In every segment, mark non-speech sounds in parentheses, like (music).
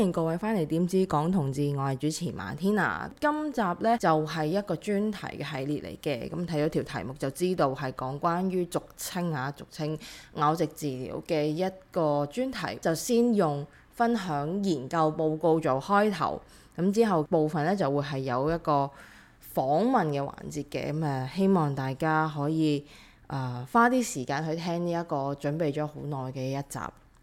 歡迎各位翻嚟，點知港同志，我係主持馬天娜。今集呢就係、是、一個專題嘅系列嚟嘅，咁睇咗條題目就知道係講關於俗稱啊、俗稱拗直治療嘅一個專題，就先用分享研究報告做開頭，咁之後部分呢，就會係有一個訪問嘅環節嘅，咁、嗯、誒希望大家可以誒、呃、花啲時間去聽呢一個準備咗好耐嘅一集，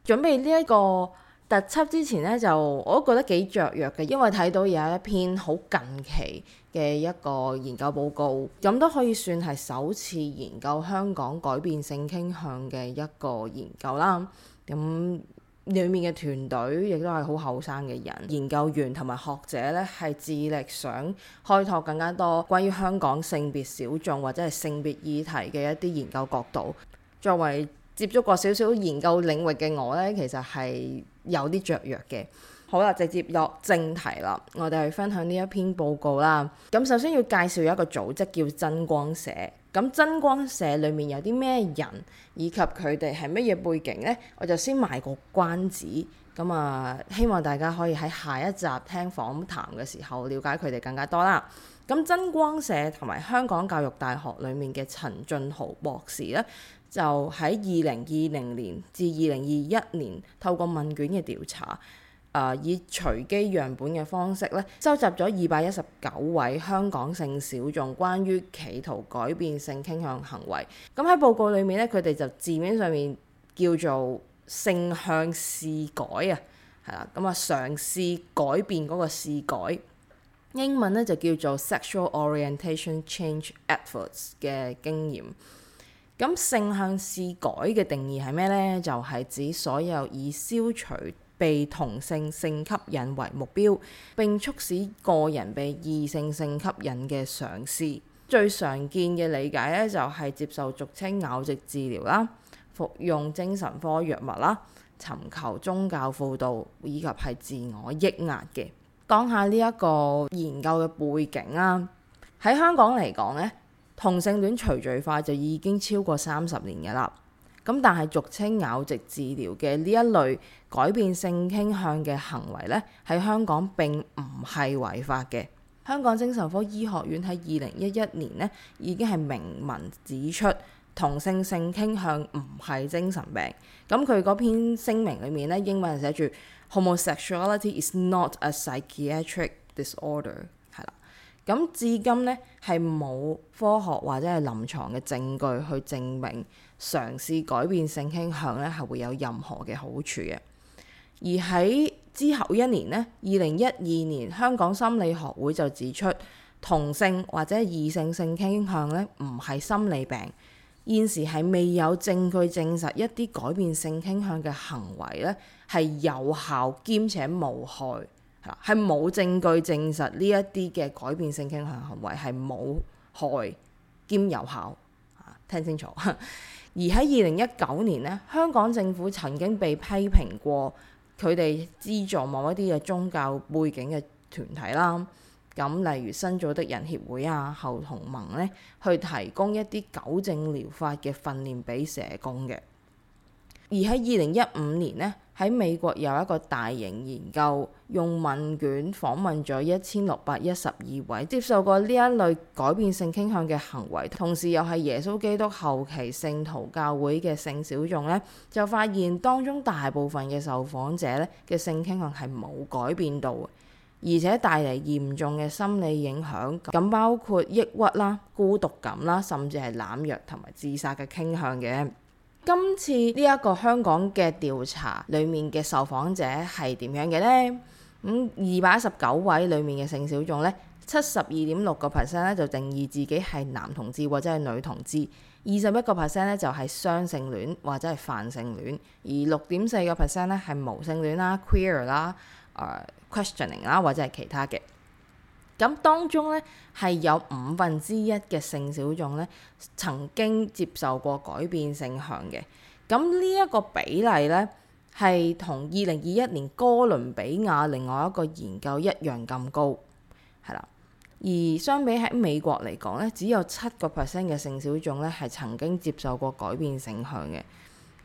準備呢、這、一個。特輯之前咧，就我都覺得幾雀躍嘅，因為睇到有一篇好近期嘅一個研究報告，咁都可以算係首次研究香港改變性傾向嘅一個研究啦。咁裏面嘅團隊亦都係好後生嘅人，研究員同埋學者咧，係致力想開拓更加多關於香港性別小眾或者係性別議題嘅一啲研究角度，作為。接觸過少少研究領域嘅我呢，其實係有啲雀躍嘅。好啦，直接落正題啦，我哋去分享呢一篇報告啦。咁首先要介紹有一個組織叫真光社。咁真光社裏面有啲咩人，以及佢哋係乜嘢背景呢？我就先賣個關子。咁啊，希望大家可以喺下一集聽訪談嘅時候了解佢哋更加多啦。咁真光社同埋香港教育大學裏面嘅陳俊豪博士呢。就喺二零二零年至二零二一年，透過問卷嘅調查，誒、呃、以隨機樣本嘅方式咧，收集咗二百一十九位香港性小眾關於企圖改變性傾向行為。咁、嗯、喺報告裏面咧，佢哋就字面上面叫做性向試改啊，係啦，咁、嗯、啊嘗試改變嗰、那個試改，英文咧就叫做 sexual orientation change efforts 嘅經驗。咁性向試改嘅定義係咩呢？就係、是、指所有以消除被同性性吸引為目標，並促使個人被異性性吸引嘅嘗試。最常見嘅理解咧，就係接受俗稱拗直治、治療啦，服用精神科藥物啦，尋求宗教輔導以及係自我抑壓嘅。講下呢一個研究嘅背景啦，喺香港嚟講呢。同性戀除罪化就已經超過三十年嘅啦，咁但係俗稱拗直治療嘅呢一類改變性傾向嘅行為呢，喺香港並唔係違法嘅。香港精神科醫學院喺二零一一年呢已經係明文指出同性性傾向唔係精神病。咁佢嗰篇聲明裡面呢，英文寫住 Homosexuality is not a psychiatric disorder。咁至今咧係冇科學或者係臨床嘅證據去證明嘗試改變性傾向咧係會有任何嘅好處嘅。而喺之後一年咧，二零一二年香港心理學會就指出，同性或者異性性傾向咧唔係心理病。現時係未有證據證實一啲改變性傾向嘅行為咧係有效兼且無害。係冇證據證實呢一啲嘅改變性傾向行為係冇害兼有效啊！聽清楚。 (laughs) 而喺二零一九年呢，香港政府曾經被批評過佢哋資助某一啲嘅宗教背景嘅團體啦，咁例如新造的人協會啊、後同盟咧，去提供一啲糾正療法嘅訓練俾社工嘅。而喺二零一五年呢，喺美國有一個大型研究，用問卷訪問咗一千六百一十二位接受過呢一類改變性傾向嘅行為，同時又係耶穌基督後期聖徒教會嘅性小眾呢，就發現當中大部分嘅受訪者呢嘅性傾向係冇改變到，而且帶嚟嚴重嘅心理影響，咁包括抑鬱啦、孤獨感啦，甚至係濫藥同埋自殺嘅傾向嘅。今次呢一個香港嘅調查裡面嘅受訪者係點樣嘅呢？咁二百一十九位裡面嘅性小眾呢，七十二點六個 percent 咧就定義自己係男同志或者係女同志，二十一個 percent 咧就係、是、雙性戀或者係泛性戀，而六點四個 percent 咧係無性戀啦、queer 啦、uh, 誒 questioning 啦或者係其他嘅。咁當中咧係有五分之一嘅性小眾咧曾經接受過改變性向嘅，咁呢一個比例咧係同二零二一年哥倫比亞另外一個研究一樣咁高，係啦。而相比喺美國嚟講咧，只有七個 percent 嘅性小眾咧係曾經接受過改變性向嘅。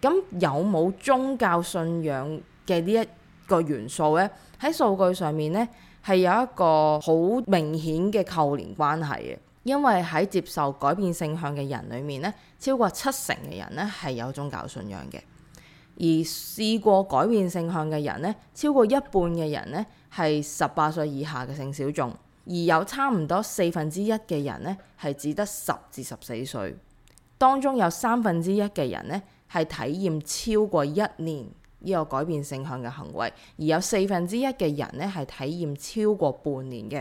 咁有冇宗教信仰嘅呢一個元素咧，喺數據上面咧？係有一個好明顯嘅扣連關係嘅，因為喺接受改變性向嘅人裏面咧，超過七成嘅人咧係有宗教信仰嘅，而試過改變性向嘅人咧，超過一半嘅人咧係十八歲以下嘅性小眾，而有差唔多四分之一嘅人咧係只得十至十四歲，當中有三分之一嘅人咧係體驗超過一年。呢個改變性向嘅行為，而有四分之一嘅人呢係體驗超過半年嘅。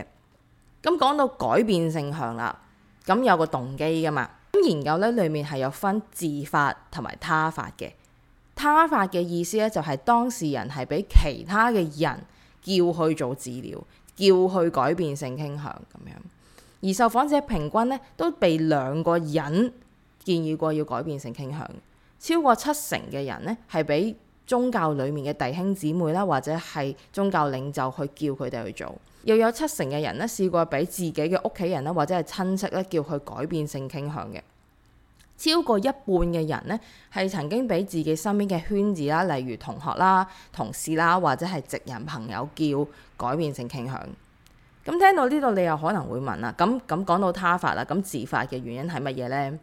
咁、嗯、講到改變性向啦，咁、嗯、有個動機噶嘛。咁研究呢裏面係有分自發同埋他發嘅。他發嘅意思呢，就係、是、當事人係俾其他嘅人叫去做治療，叫去改變性傾向咁樣。而受訪者平均呢，都被兩個人建議過要改變性傾向，超過七成嘅人呢係俾。宗教裏面嘅弟兄姊妹啦，或者係宗教領袖去叫佢哋去做，又有七成嘅人咧試過俾自己嘅屋企人啦，或者係親戚咧叫佢改變性傾向嘅，超過一半嘅人咧係曾經俾自己身邊嘅圈子啦，例如同學啦、同事啦，或者係直人朋友叫改變性傾向。咁聽到呢度，你又可能會問啦，咁咁講到他發啦，咁自發嘅原因係乜嘢咧？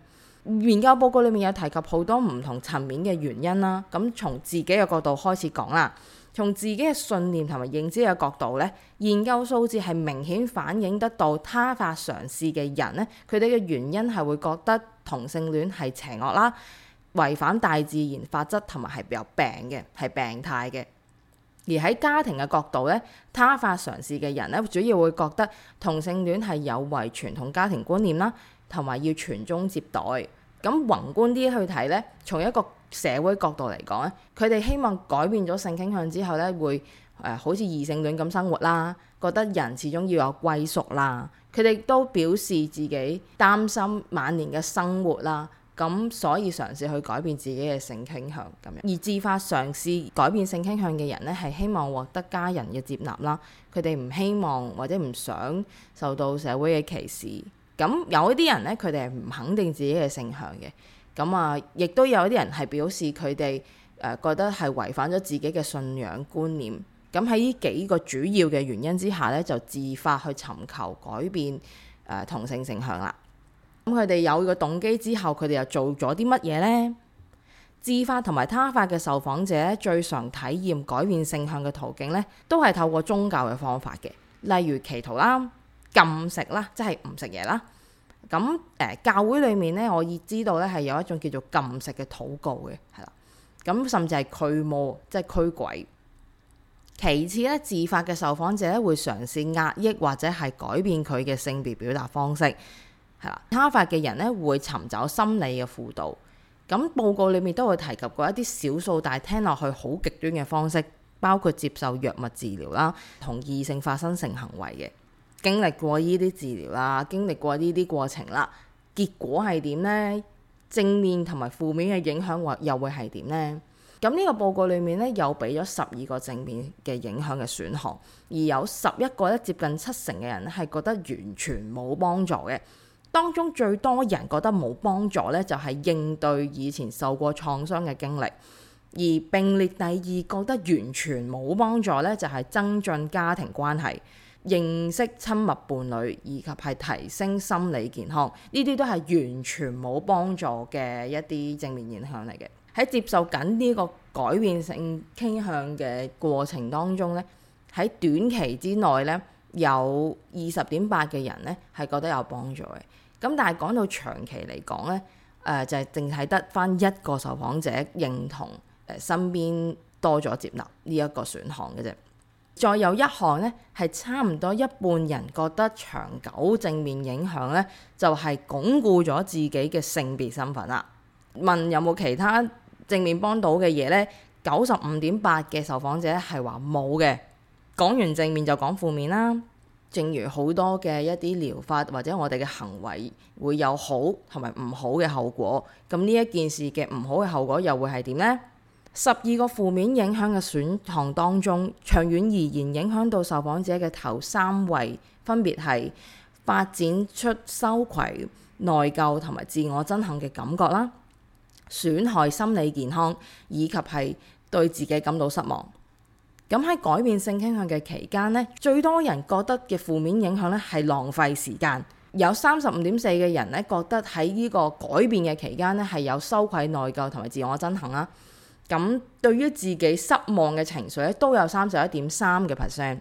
研究報告裏面有提及好多唔同層面嘅原因啦。咁從自己嘅角度開始講啦，從自己嘅信念同埋認知嘅角度咧，研究數字係明顯反映得到他法嘗試嘅人咧，佢哋嘅原因係會覺得同性戀係邪惡啦，違反大自然法則同埋係有病嘅，係病態嘅。而喺家庭嘅角度咧，他法嘗試嘅人咧，主要會覺得同性戀係有違傳統家庭觀念啦，同埋要傳宗接代。咁宏觀啲去睇咧，從一個社會角度嚟講咧，佢哋希望改變咗性傾向之後咧，會誒、呃、好似異性戀咁生活啦，覺得人始終要有歸屬啦。佢哋都表示自己擔心晚年嘅生活啦，咁所以嘗試去改變自己嘅性傾向咁樣。而自發嘗試改變性傾向嘅人咧，係希望獲得家人嘅接納啦，佢哋唔希望或者唔想受到社會嘅歧視。咁有一啲人咧，佢哋係唔肯定自己嘅性向嘅。咁啊，亦都有一啲人係表示佢哋誒覺得係違反咗自己嘅信仰觀念。咁喺呢幾個主要嘅原因之下咧，就自發去尋求改變誒、呃、同性性向啦。咁佢哋有個動機之後，佢哋又做咗啲乜嘢咧？自發同埋他發嘅受訪者最常體驗改變性向嘅途徑咧，都係透過宗教嘅方法嘅，例如祈禱啦。禁食啦，即係唔食嘢啦。咁誒、呃，教會裏面咧，我亦知道咧係有一種叫做禁食嘅禱告嘅，係啦。咁甚至係驅魔，即係驅鬼。其次咧，自發嘅受訪者咧會嘗試壓抑或者係改變佢嘅性別表達方式，係啦。他發嘅人咧會尋找心理嘅輔導。咁報告裏面都會提及過一啲少數，但係聽落去好極端嘅方式，包括接受藥物治療啦，同異性發生性行為嘅。經歷過呢啲治療啦，經歷過呢啲過程啦，結果係點呢？正面同埋負面嘅影響，或又會係點呢？咁呢個報告裡面咧，有畀咗十二個正面嘅影響嘅選項，而有十一個咧接近七成嘅人咧係覺得完全冇幫助嘅。當中最多人覺得冇幫助咧，就係應對以前受過創傷嘅經歷，而並列第二覺得完全冇幫助咧，就係增進家庭關係。認識親密伴侶以及係提升心理健康，呢啲都係完全冇幫助嘅一啲正面影響嚟嘅。喺接受緊呢個改變性傾向嘅過程當中呢，喺短期之內呢，有二十點八嘅人呢係覺得有幫助嘅。咁但係講到長期嚟講呢，誒就係淨係得返一個受訪者認同誒身邊多咗接納呢一個選項嘅啫。再有一項咧，係差唔多一半人覺得長久正面影響咧，就係、是、鞏固咗自己嘅性別身份啦。問有冇其他正面幫到嘅嘢咧？九十五點八嘅受訪者係話冇嘅。講完正面就講負面啦。正如好多嘅一啲療法或者我哋嘅行為會有好同埋唔好嘅後果。咁呢一件事嘅唔好嘅後果又會係點咧？十二個負面影響嘅選項當中，長遠而言影響到受訪者嘅頭三位分別係發展出羞愧、內疚同埋自我憎恨嘅感覺啦，損害心理健康，以及係對自己感到失望。咁喺改變性傾向嘅期間呢，最多人覺得嘅負面影響咧係浪費時間，有三十五點四嘅人咧覺得喺呢個改變嘅期間呢，係有羞愧、內疚同埋自我憎恨啦。咁對於自己失望嘅情緒咧，都有三十一點三嘅 percent。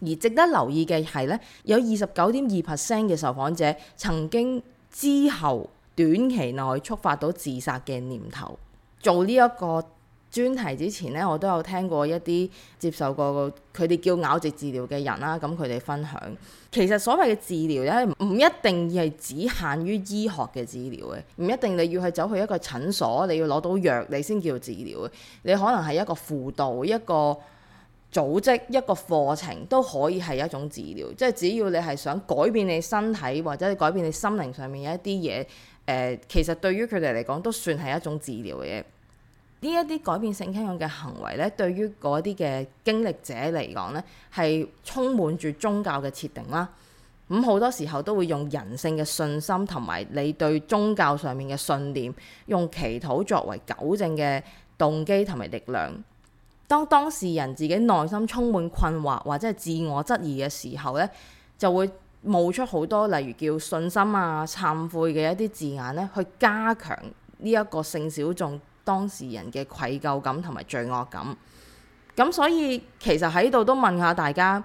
而值得留意嘅係咧，有二十九點二 percent 嘅受訪者曾經之後短期內觸發到自殺嘅念頭，做呢一個專題之前咧，我都有聽過一啲接受過佢哋叫拗直治療嘅人啦，咁佢哋分享，其實所謂嘅治療咧，唔一定係只限於醫學嘅治療嘅，唔一定你要去走去一個診所，你要攞到藥，你先叫治療嘅，你可能係一個輔導、一個組織、一個課程都可以係一種治療，即係只要你係想改變你身體或者改變你心靈上面一啲嘢，誒、呃，其實對於佢哋嚟講都算係一種治療嘅嘢。呢一啲改變性傾向嘅行為咧，對於嗰啲嘅經歷者嚟講咧，係充滿住宗教嘅設定啦。咁好多時候都會用人性嘅信心同埋你對宗教上面嘅信念，用祈禱作為糾正嘅動機同埋力量。當當事人自己內心充滿困惑或者係自我質疑嘅時候咧，就會冒出好多例如叫信心啊、懺悔嘅一啲字眼咧，去加強呢一個性小眾當事人嘅愧疚感同埋罪惡感，咁所以其實喺度都問下大家，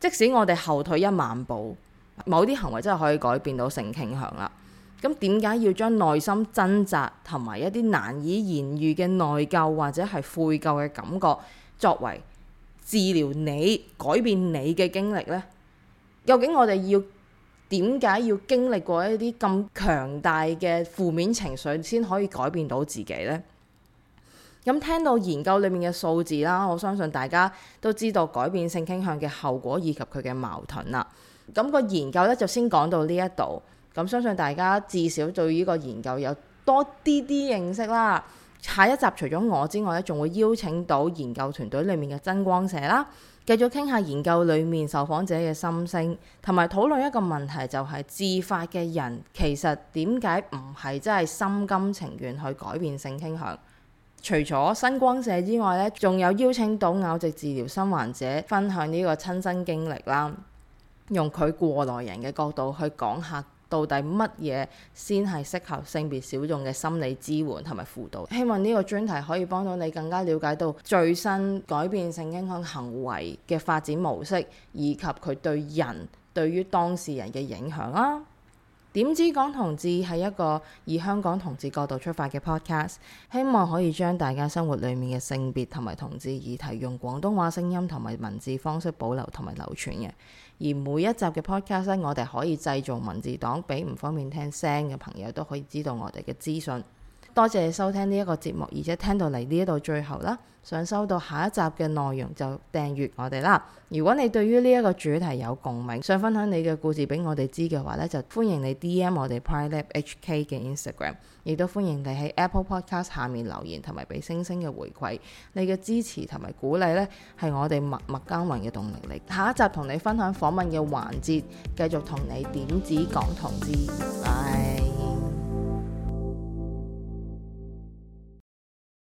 即使我哋後退一萬步，某啲行為真係可以改變到性傾向啦。咁點解要將內心掙扎同埋一啲難以言喻嘅內疚或者係悔疚嘅感覺作為治療你改變你嘅經歷呢？究竟我哋要？點解要經歷過一啲咁強大嘅負面情緒先可以改變到自己呢？咁聽到研究裏面嘅數字啦，我相信大家都知道改變性傾向嘅後果以及佢嘅矛盾啦。咁個研究咧就先講到呢一度，咁相信大家至少對呢個研究有多啲啲認識啦。下一集除咗我之外咧，仲會邀請到研究團隊裏面嘅增光社啦。繼續傾下研究裏面受訪者嘅心聲，同埋討論一個問題，就是，就係自發嘅人其實點解唔係真係心甘情願去改變性傾向？除咗新光社之外咧，仲有邀請到拗直治療新患者分享呢個親身經歷啦，用佢過來人嘅角度去講下。到底乜嘢先係適合性別小眾嘅心理支援同埋輔導？希望呢個專題可以幫到你更加了解到最新改變性傾向行為嘅發展模式，以及佢對人對於當事人嘅影響啊。點知講同志係一個以香港同志角度出發嘅 podcast，希望可以將大家生活裡面嘅性別同埋同志議題用廣東話聲音同埋文字方式保留同埋流傳嘅。而每一集嘅 podcast，我哋可以製造文字檔，俾唔方便聽聲嘅朋友都可以知道我哋嘅資訊。多謝你收聽呢一個節目，而且聽到嚟呢一度最後啦，想收到下一集嘅內容就訂閱我哋啦。如果你對於呢一個主題有共鳴，想分享你嘅故事俾我哋知嘅話咧，就歡迎你 DM 我哋 PrideLab HK 嘅 Instagram，亦都歡迎你喺 Apple Podcast 下面留言同埋俾星星嘅回饋。你嘅支持同埋鼓勵咧，係我哋默默耕耘嘅動力嚟。下一集同你分享訪問嘅環節，繼續同你點止講同志。拜。